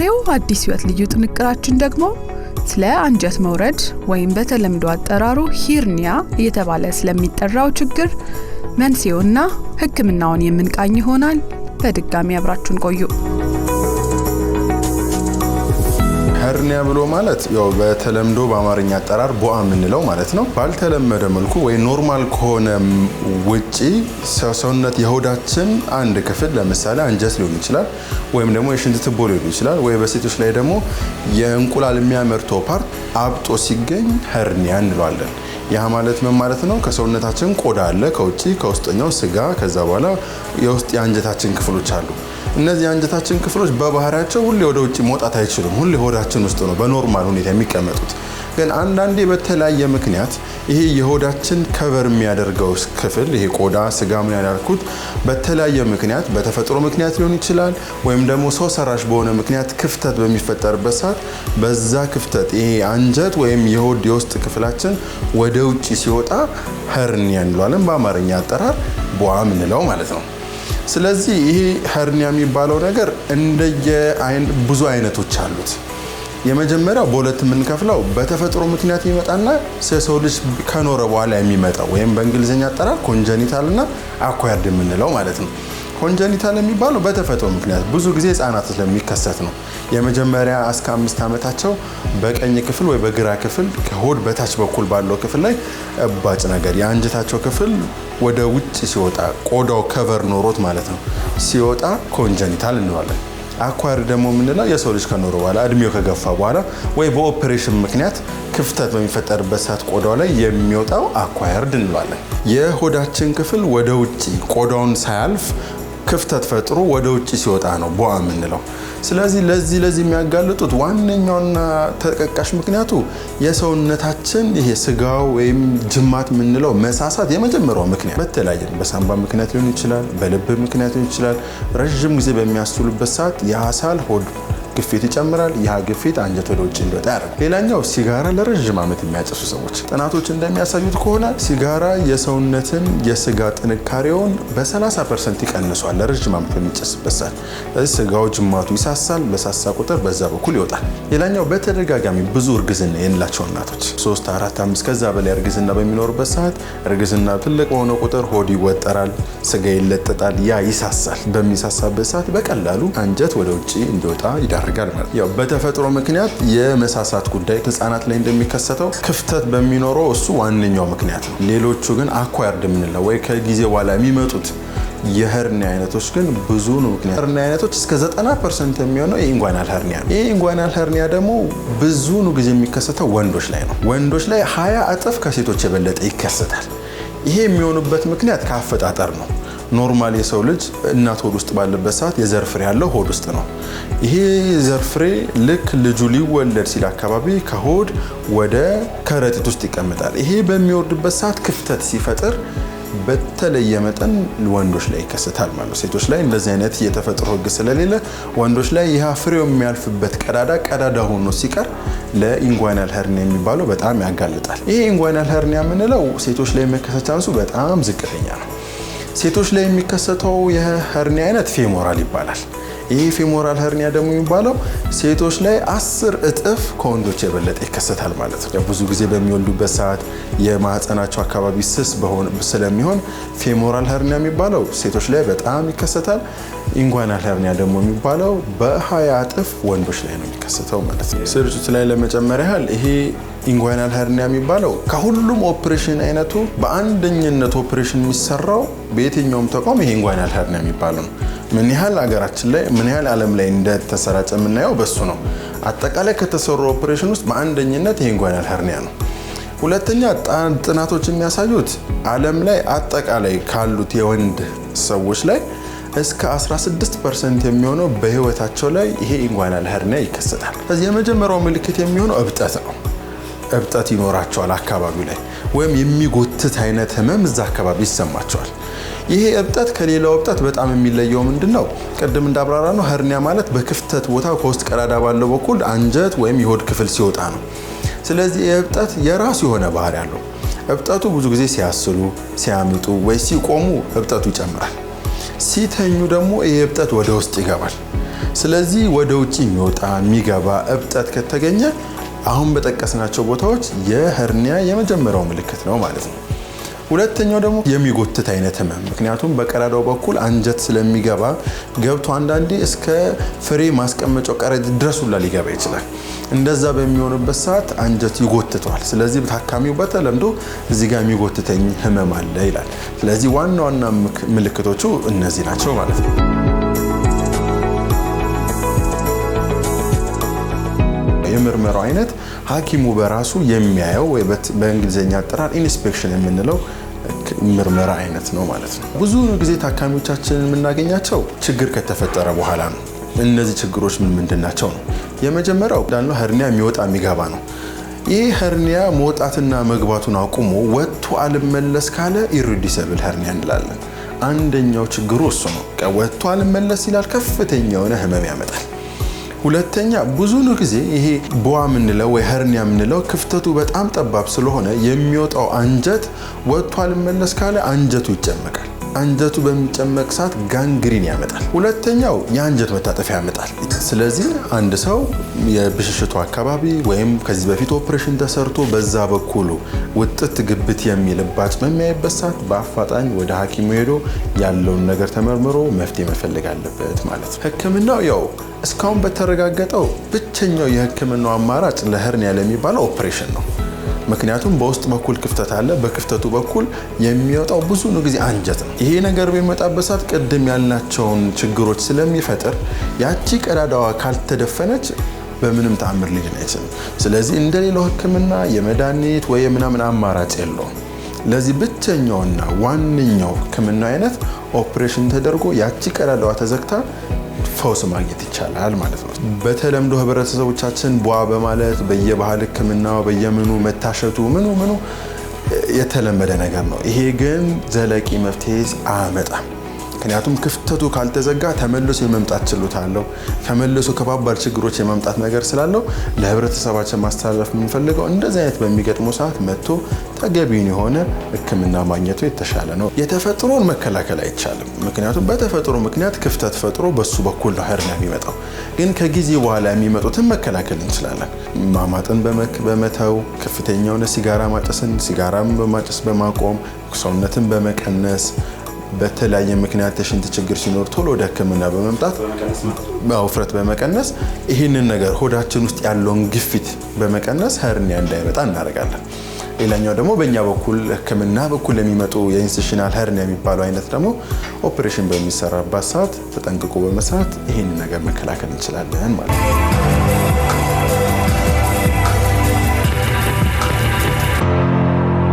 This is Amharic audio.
በዛሬው አዲስ ህይወት ልዩ ጥንቅራችን ደግሞ ስለ አንጀት መውረድ ወይም በተለምዶ አጠራሩ ሂርኒያ እየተባለ ስለሚጠራው ችግር መንስኤውና ህክምናውን የምንቃኝ ይሆናል። በድጋሚ አብራችሁን ቆዩ። ሄርኒያ ብሎ ማለት ያው በተለምዶ በአማርኛ አጠራር ቦአ የምንለው ማለት ነው። ባልተለመደ መልኩ ወይ ኖርማል ከሆነ ውጪ ሰውነት የሆዳችን አንድ ክፍል ለምሳሌ አንጀት ሊሆን ይችላል፣ ወይም ደግሞ የሽንት ትቦ ሊሆን ይችላል፣ ወይ በሴቶች ላይ ደግሞ የእንቁላል የሚያመርተው ፓርት አብጦ ሲገኝ ሄርኒያ እንለዋለን። ያ ማለት ምን ማለት ነው? ከሰውነታችን ቆዳ አለ ከውጭ ከውስጠኛው ስጋ፣ ከዛ በኋላ የውስጥ የአንጀታችን ክፍሎች አሉ። እነዚህ የአንጀታችን ክፍሎች በባህሪያቸው ሁሌ ወደ ውጭ መውጣት አይችሉም። ሁሌ ሆዳችን ውስጥ ነው በኖርማል ሁኔታ የሚቀመጡት። ግን አንዳንዴ በተለያየ ምክንያት ይሄ የሆዳችን ከቨር የሚያደርገው ክፍል ይሄ ቆዳ ስጋ ምን ያልኩት በተለያየ ምክንያት በተፈጥሮ ምክንያት ሊሆን ይችላል፣ ወይም ደግሞ ሰው ሰራሽ በሆነ ምክንያት ክፍተት በሚፈጠርበት ሰዓት በዛ ክፍተት ይሄ አንጀት ወይም የሆድ የውስጥ ክፍላችን ወደ ወደ ውጭ ሲወጣ ሄርኒያ እንለዋለን፣ በአማርኛ አጠራር ቧ ምንለው ማለት ነው። ስለዚህ ይሄ ሄርኒያ የሚባለው ነገር እንደየ ብዙ አይነቶች አሉት። የመጀመሪያው በሁለት የምንከፍለው በተፈጥሮ ምክንያት ይመጣና የሰው ልጅ ከኖረ በኋላ የሚመጣው ወይም በእንግሊዝኛ አጠራር ኮንጀኒታል እና አኳርድ የምንለው ማለት ነው። ኮንጀኒታል የሚባለው በተፈጥሮ ምክንያት ብዙ ጊዜ ህጻናት ስለሚከሰት ነው። የመጀመሪያ እስከ አምስት ዓመታቸው በቀኝ ክፍል ወይ በግራ ክፍል ከሆድ በታች በኩል ባለው ክፍል ላይ እባጭ ነገር የአንጀታቸው ክፍል ወደ ውጭ ሲወጣ ቆዳው ከቨር ኖሮት ማለት ነው ሲወጣ ኮንጀኒታል እንለዋለን። አኳር ደግሞ የምንለው የሰው ልጅ ከኖረ በኋላ እድሜው ከገፋ በኋላ ወይ በኦፕሬሽን ምክንያት ክፍተት በሚፈጠርበት ሰዓት ቆዳው ላይ የሚወጣው አኳየርድ እንለዋለን። የሆዳችን ክፍል ወደ ውጭ ቆዳውን ሳያልፍ ክፍተት ፈጥሮ ወደ ውጭ ሲወጣ ነው ቧ የምንለው። ስለዚህ ለዚህ ለዚህ የሚያጋልጡት ዋነኛውና ተቀቃሽ ምክንያቱ የሰውነታችን ይሄ ስጋው ወይም ጅማት የምንለው መሳሳት የመጀመሪያው ምክንያት በተለያየ በሳንባ ምክንያት ሊሆን ይችላል፣ በልብ ምክንያት ሊሆን ይችላል። ረዥም ጊዜ በሚያስሉበት ሰዓት የአሳል ሆድ ግፊት ይጨምራል። ይህ ግፊት አንጀት ወደ ውጭ እንዲወጣ ያደርጋል። ሌላኛው ሲጋራ ለረዥም ዓመት የሚያጨሱ ሰዎች ጥናቶች እንደሚያሳዩት ከሆነ ሲጋራ የሰውነትን የስጋ ጥንካሬውን በ30 ፐርሰንት ይቀንሷል። ለረዥም ዓመት በሚጨስበት ሰዓት ስለዚህ ስጋው ጅማቱ ይሳሳል። በሳሳ ቁጥር በዛ በኩል ይወጣል። ሌላኛው በተደጋጋሚ ብዙ እርግዝና የላቸው እናቶች ሶስት አራት አምስት ከዛ በላይ እርግዝና በሚኖርበት ሰዓት እርግዝና ትልቅ በሆነ ቁጥር ሆድ ይወጠራል፣ ስጋ ይለጠጣል፣ ያ ይሳሳል። በሚሳሳበት ሰዓት በቀላሉ አንጀት ወደ ውጭ እንዲወጣ ይዳራል። ያደርጋል ማለት ያው በተፈጥሮ ምክንያት የመሳሳት ጉዳይ ህጻናት ላይ እንደሚከሰተው ክፍተት በሚኖረው እሱ ዋነኛው ምክንያት ነው። ሌሎቹ ግን አኳርድ የምንለው ወይ ከጊዜ በኋላ የሚመጡት የህርኒያ አይነቶች ግን ብዙ ነው። ምክንያት ህርኒያ አይነቶች እስከ 90 ፐርሰንት የሚሆነው የኢንጓይናል ህርኒያ ነው። ይህ ኢንጓይናል ህርኒያ ደግሞ ብዙኑ ጊዜ የሚከሰተው ወንዶች ላይ ነው። ወንዶች ላይ ሀያ እጥፍ ከሴቶች የበለጠ ይከሰታል። ይሄ የሚሆኑበት ምክንያት ከአፈጣጠር ነው። ኖርማል የሰው ልጅ እናት ሆድ ውስጥ ባለበት ሰዓት የዘር ፍሬ ያለው ሆድ ውስጥ ነው። ይሄ የዘር ፍሬ ልክ ልጁ ሊወለድ ሲል አካባቢ ከሆድ ወደ ከረጢት ውስጥ ይቀመጣል። ይሄ በሚወርድበት ሰዓት ክፍተት ሲፈጥር በተለየ መጠን ወንዶች ላይ ይከሰታል ማለት ነው። ሴቶች ላይ እንደዚህ አይነት የተፈጥሮ ህግ ስለሌለ ወንዶች ላይ ይህ ፍሬው የሚያልፍበት ቀዳዳ ቀዳዳ ሆኖ ሲቀር ለኢንጓይናል ሄርኒያ የሚባለው በጣም ያጋልጣል። ይሄ ኢንጓይናል ሄርኒያ የምንለው ሴቶች ላይ መከሰት ቻንሱ በጣም ዝቅተኛ ነው። ሴቶች ላይ የሚከሰተው የሄርኒያ አይነት ፌሞራል ይባላል። ይህ ፌሞራል ሄርኒያ ደግሞ የሚባለው ሴቶች ላይ አስር እጥፍ ከወንዶች የበለጠ ይከሰታል ማለት ነው። ብዙ ጊዜ በሚወልዱበት ሰዓት የማህፀናቸው አካባቢ ስስ ስለሚሆን ፌሞራል ሄርኒያ የሚባለው ሴቶች ላይ በጣም ይከሰታል። ኢንጓናል ሄርኒያ ደግሞ የሚባለው በሀያ እጥፍ ወንዶች ላይ ነው የሚከሰተው ማለት ነው። ስርጭት ላይ ለመጨመር ያህል ይሄ ኢንጓናል ሄርኒያ የሚባለው ከሁሉም ኦፕሬሽን አይነቱ በአንደኝነት ኦፕሬሽን የሚሰራው በየትኛውም ተቋም ይሄ ኢንጓናል ሄርኒያ የሚባለው ነው። ምን ያህል ሀገራችን ላይ ምን ያህል ዓለም ላይ እንደተሰራጨ የምናየው በሱ ነው። አጠቃላይ ከተሰሩ ኦፕሬሽን ውስጥ በአንደኝነት የኢንጓይናል ሄርኒያ ነው። ሁለተኛ ጥናቶች የሚያሳዩት ዓለም ላይ አጠቃላይ ካሉት የወንድ ሰዎች ላይ እስከ 16 ፐርሰንት የሚሆነው በህይወታቸው ላይ ይሄ ኢንጓይናል ሄርኒያ ይከሰታል። ከዚህ የመጀመሪያው ምልክት የሚሆነው እብጠት ነው። እብጠት ይኖራቸዋል አካባቢው ላይ ወይም የሚጎትት አይነት ህመም እዛ አካባቢ ይሰማቸዋል። ይሄ እብጠት ከሌላው እብጠት በጣም የሚለየው ምንድን ነው? ቅድም እንዳብራራ ነው ሀርኒያ ማለት በክፍተት ቦታ ከውስጥ ቀዳዳ ባለው በኩል አንጀት ወይም የሆድ ክፍል ሲወጣ ነው። ስለዚህ እብጠት የራሱ የሆነ ባህሪ አለው። እብጠቱ ብዙ ጊዜ ሲያስሉ፣ ሲያምጡ ወይ ሲቆሙ እብጠቱ ይጨምራል። ሲተኙ ደግሞ ይሄ እብጠት ወደ ውስጥ ይገባል። ስለዚህ ወደ ውጭ የሚወጣ የሚገባ እብጠት ከተገኘ አሁን በጠቀስናቸው ቦታዎች የህርኒያ የመጀመሪያው ምልክት ነው ማለት ነው። ሁለተኛው ደግሞ የሚጎትት አይነት ህመም፣ ምክንያቱም በቀዳዳው በኩል አንጀት ስለሚገባ ገብቶ አንዳንዴ እስከ ፍሬ ማስቀመጫው ቀረድ ድረስ ሁላ ሊገባ ይችላል። እንደዛ በሚሆንበት ሰዓት አንጀት ይጎትተዋል። ስለዚህ ታካሚው በተለምዶ እዚህ ጋር የሚጎትተኝ ህመም አለ ይላል። ስለዚህ ዋና ዋና ምልክቶቹ እነዚህ ናቸው ማለት ነው። የምርመራው አይነት ሐኪሙ በራሱ የሚያየው ወይ በእንግሊዝኛ አጠራር ኢንስፔክሽን የምንለው ምርመራ አይነት ነው ማለት ነው። ብዙ ጊዜ ታካሚዎቻችንን የምናገኛቸው ችግር ከተፈጠረ በኋላ ነው። እነዚህ ችግሮች ምን ምንድን ናቸው ነው? የመጀመሪያው እንዳልነው ሄርኒያ የሚወጣ የሚገባ ነው። ይህ ሄርኒያ መውጣትና መግባቱን አቁሞ ወጥቶ አልመለስ ካለ ኢሪዲሰብል ሄርኒያ እንላለን። አንደኛው ችግሩ እሱ ነው። ወጥቶ አልመለስ ይላል፣ ከፍተኛ የሆነ ህመም ያመጣል። ሁለተኛ ብዙ ጊዜ ይሄ ቦዋ የምንለው ወይ ሄርኒያ የምንለው ክፍተቱ በጣም ጠባብ ስለሆነ የሚወጣው አንጀት ወጥቶ አልመለስ ካለ አንጀቱ ይጨመቃል። አንጀቱ በሚጨመቅ ሰዓት ጋንግሪን ያመጣል። ሁለተኛው የአንጀት መታጠፊያ ያመጣል። ስለዚህ አንድ ሰው የብሽሽቱ አካባቢ ወይም ከዚህ በፊት ኦፕሬሽን ተሰርቶ በዛ በኩሉ ውጥት ግብት የሚል በሚያይበት ሰዓት በአፋጣኝ ወደ ሐኪሙ ሄዶ ያለውን ነገር ተመርምሮ መፍትሄ መፈለግ አለበት ማለት ነው። ህክምናው ያው እስካሁን በተረጋገጠው ብቸኛው የህክምናው አማራጭ ለሄርኒያ ለሚባለው ኦፕሬሽን ነው። ምክንያቱም በውስጥ በኩል ክፍተት አለ። በክፍተቱ በኩል የሚወጣው ብዙ ጊዜ አንጀት ነው። ይሄ ነገር በሚመጣበት ሰዓት ቅድም ያልናቸውን ችግሮች ስለሚፈጥር ያቺ ቀዳዳዋ ካልተደፈነች በምንም ተአምር ሊድን አይችልም። ስለዚህ እንደሌላው ሕክምና የመድኃኒት ወይ የምናምን አማራጭ የለውም። ለዚህ ብቸኛውና ዋነኛው ሕክምና አይነት ኦፕሬሽን ተደርጎ ያቺ ቀዳዳዋ ተዘግታ ፈውስ ማግኘት ይቻላል ማለት ነው። በተለምዶ ህብረተሰቦቻችን ቧ በማለት በየባህል ህክምና በየምኑ መታሸቱ ምኑ ምኑ የተለመደ ነገር ነው። ይሄ ግን ዘላቂ መፍትሄ አያመጣም። ምክንያቱም ክፍተቱ ካልተዘጋ ተመልሶ የመምጣት ችሎታ አለው። ተመልሶ ከባባድ ችግሮች የመምጣት ነገር ስላለው ለህብረተሰባችን ማስተላለፍ የምንፈልገው እንደዚህ አይነት በሚገጥሙ ሰዓት መጥቶ ተገቢውን የሆነ ሕክምና ማግኘቱ የተሻለ ነው። የተፈጥሮን መከላከል አይቻልም። ምክንያቱም በተፈጥሮ ምክንያት ክፍተት ፈጥሮ በሱ በኩል ነው ሄርኒያ የሚመጣው። ግን ከጊዜ በኋላ የሚመጡትን መከላከል እንችላለን። ማማጥን በመተው ከፍተኛ የሆነ ሲጋራ ማጨስን ሲጋራም በማጨስ በማቆም ሰውነትን በመቀነስ በተለያየ ምክንያት የሽንት ችግር ሲኖር ቶሎ ወደ ሕክምና በመምጣት ውፍረት በመቀነስ ይህንን ነገር ሆዳችን ውስጥ ያለውን ግፊት በመቀነስ ሀርኒያ እንዳይመጣ እናደርጋለን። ሌላኛው ደግሞ በእኛ በኩል ሕክምና በኩል የሚመጡ የኢንስሽናል ሀርኒያ የሚባለው አይነት ደግሞ ኦፕሬሽን በሚሰራባት ሰዓት ተጠንቅቆ በመስራት ይህንን ነገር መከላከል እንችላለን ማለት ነው።